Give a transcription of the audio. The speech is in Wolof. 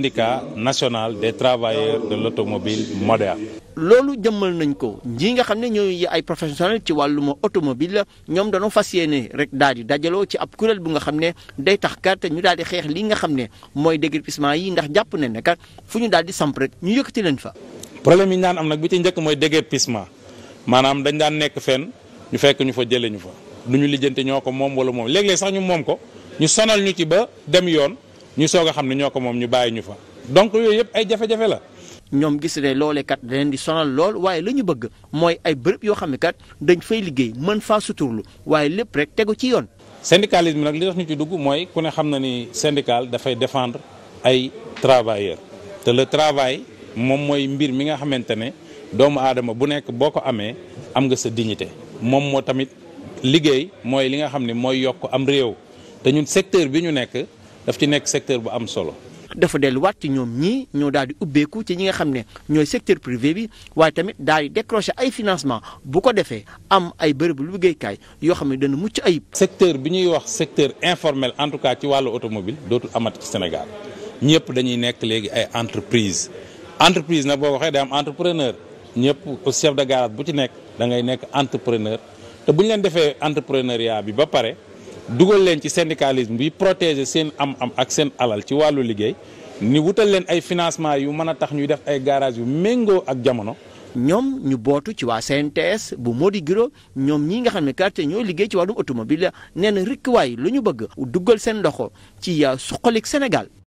syndicat national des travailleurs de l'automobile moderne loolu jëmmal nañ ko ñi nga xam ne ñooy ay professionnels ci wàllum automobile ñoom dañoo fas yéene rek daal di dajaloo ci ab kuréel bu nga xam ne day tax kat ñu daal di xeex lii nga xam ne mooy déguerpissement yi ndax jàpp na ne kat fu ñu daal di samp rek ñu yëkkati leen fa. problème yi ñu daan am nag bi ci njëkk mooy déguerpissement maanaam dañ daan nekk fen ñu fekk ñu fa jëlee ñu fa du ñu lijjanti ñoo ko moom wala moom léeg-léeg sax ñu moom ko ñu sonal yoon. ñu soog a xam ne ñoo ko moom ñu bàyyi ñu fa donc yooyu yëpp ay jafe-jafe la. ñoom gis ne loolee kat da leen di sonal lool waaye la ñu bëgg mooy ay bërëb yoo xam ne kat dañ fay liggéey mën faa suturlu waaye lépp rek tegu ci yoon. syndicalisme nag li tax ñu ci dugg mooy ku ne xam na ni syndical dafay defendre ay travailleurs te le travail moom mooy mbir mi nga xamante ne doomu aadama bu nekk boo ko amee am nga sa dignité moom moo tamit liggéey mooy li nga xam ne mooy yokk am réew te nekk. daf ci nekk secteur bu am solo. dafa delluwaat ci ñoom ñii ñoo daal di ubbeeku ci ñi nga xam ne ñooy secteur privé bi waaye tamit daal di décrocher ay financement bu ko defee am ay bërëb bërëbu liggéeykaay yoo xam ne dana mucc ay secteur bi ñuy wax secteur informel en tout cas ci wàllu automobile dootul amat ci Sénégal ñëpp dañuy nekk léegi ay entreprise entreprise nag boo waxee day am entrepreneur ñëpp chef de garage bu ci nekk da ngay nekk entrepreneur te bu ñu leen defee entrepreneuriat bi ba pare. dugal leen ci syndicalisme bi protéger seen am-am ak seen alal ci wàllu liggéey ni wutal leen ay financement yu mën a tax ñuy def ay garage yu méngoo ak jamono. ñoom ñu bootu ci waa CNTS bu Mody Guiro ñoom ñii nga xam ne quartier ñoo liggéey ci wàllum automobile la nee na rikk waay lu ñu bëgg. dugal seen loxo ci euh, suqalik Sénégal.